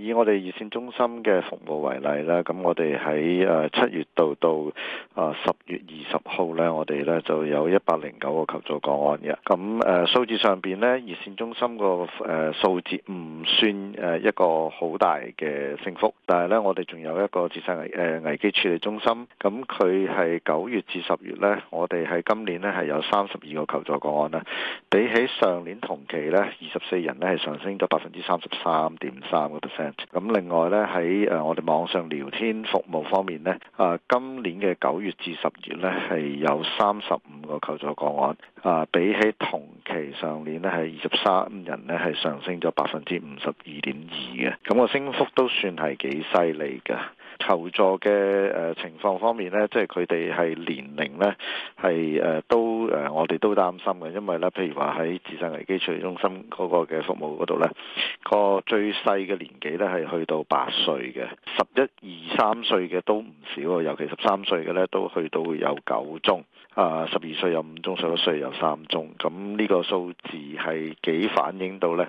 以我哋熱線中心嘅服務為例啦，咁我哋喺誒七月度到啊十月二十號咧，我哋咧就有一百零九個求助個案嘅。咁誒、呃、數字上邊咧，熱線中心個誒、呃、數字唔算誒一個好大嘅升幅，但係咧我哋仲有一個自殺危誒危機處理中心，咁佢係九月至十月咧，我哋係今年咧係有三十二個求助個案啦，比起上年同期咧，二十四人咧係上升咗百分之三十三點三個 percent。咁另外咧喺誒我哋網上聊天服務方面咧，啊今年嘅九月至十月咧係有三十五個求助個案，啊比起同期上年咧係二十三人咧係上升咗百分之五十二點二嘅，咁個升幅都算係幾犀利嘅。求助嘅誒、呃、情況方面呢，即係佢哋係年齡呢，係誒、呃、都誒、呃，我哋都擔心嘅，因為呢，譬如話喺自殺危機處理中心嗰個嘅服務嗰度呢，個最細嘅年紀呢，係去到八歲嘅，十一二三歲嘅都唔少，啊，尤其十三歲嘅呢，都去到有九宗。啊、呃，十二歲有五宗，十一歲有三宗。咁呢個數字係幾反映到呢？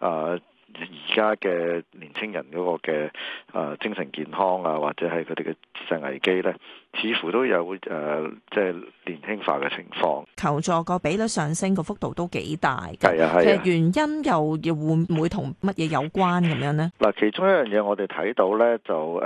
啊、呃，而家嘅年青人嗰個嘅啊精神健康啊，或者係佢哋嘅精神危機呢，似乎都有誒即係年輕化嘅情況。求助個比率上升，個幅度都幾大。係啊係啊。其實原因又又會唔會同乜嘢有關咁樣呢？嗱， 其中一樣嘢我哋睇到呢，就誒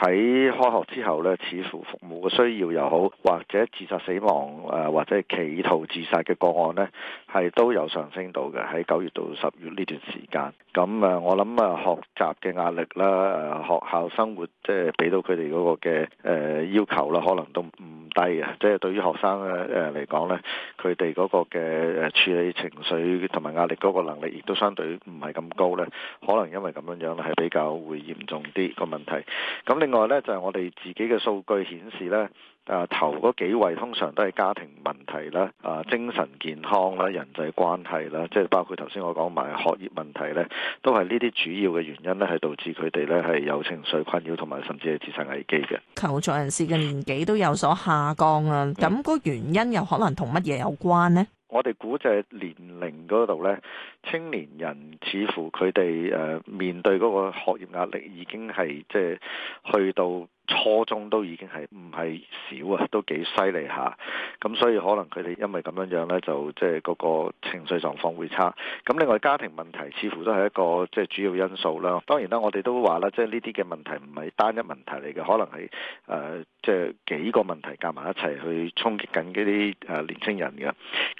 喺、呃、開學之後呢，似乎服務嘅需要又好，或者自殺死亡啊，或者企圖自殺嘅個案呢，係都有上升到嘅喺九月到十月呢段時間。咁啊，我諗啊，學習嘅壓力啦，學校生活即係俾到佢哋嗰個嘅誒、呃、要求啦，可能都唔低嘅。即係對於學生咧誒嚟講咧，佢哋嗰個嘅誒處理情緒同埋壓力嗰個能力，亦都相對唔係咁高咧。可能因為咁樣樣係比較會嚴重啲個問題。咁另外咧，就係、是、我哋自己嘅數據顯示咧。啊！頭嗰幾位通常都係家庭問題啦、啊精神健康啦、人際關係啦，即係包括頭先我講埋學業問題咧，都係呢啲主要嘅原因咧，係導致佢哋咧係有情緒困擾同埋甚至係自殺危機嘅。求助人士嘅年紀都有所下降啊。咁嗰、嗯、原因又可能同乜嘢有關呢？我哋估計年齡嗰度咧，青年人似乎佢哋誒面對嗰個學業壓力已經係即係去到。初中都已經係唔係少啊，都幾犀利嚇。咁所以可能佢哋因為咁樣樣咧，就即係嗰個情緒狀況會差。咁另外家庭問題似乎都係一個即係主要因素啦。當然啦，我哋都話啦，即係呢啲嘅問題唔係單一問題嚟嘅，可能係誒即係幾個問題夾埋一齊去衝擊緊嗰啲誒年青人嘅。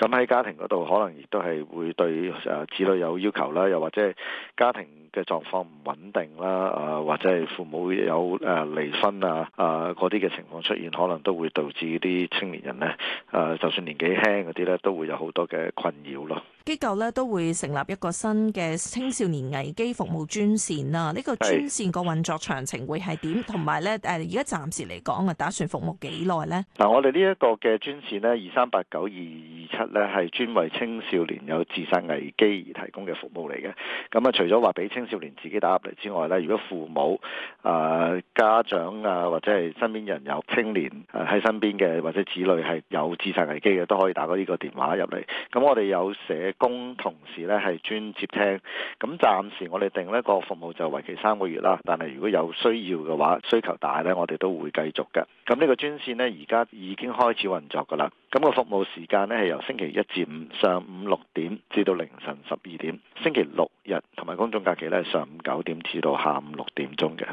咁喺家庭嗰度，可能亦都係會對誒子女有要求啦，又或者家庭。嘅狀況唔穩定啦，啊或者係父母有誒離婚啊、啊嗰啲嘅情況出現，可能都會導致啲青年人呢，誒就算年紀輕嗰啲呢，都會有好多嘅困擾咯。機構呢都會成立一個新嘅青少年危機服務專線啊，呢個專線個運作詳情會係點，同埋呢，誒而家暫時嚟講啊，打算服務幾耐呢？嗱，我哋呢一個嘅專線呢，二三八九二七咧，係專為青少年有自殺危機而提供嘅服務嚟嘅。咁啊除咗話俾青少年自己打入嚟之外咧，如果父母啊家長啊或者係身邊人有青年喺身邊嘅或者子女係有自殺危機嘅，都可以打過呢個電話入嚟。咁我哋有社工同事咧係專接聽。咁暫時我哋定呢個服務就為期三個月啦。但係如果有需要嘅話，需求大咧，我哋都會繼續嘅。咁呢個專線呢，而家已經開始運作噶啦。咁個服務時間呢，係由星期一至五上午六點至到凌晨十二點，星期六日同埋公眾假期呢，係上午九點至到下午六點鐘嘅。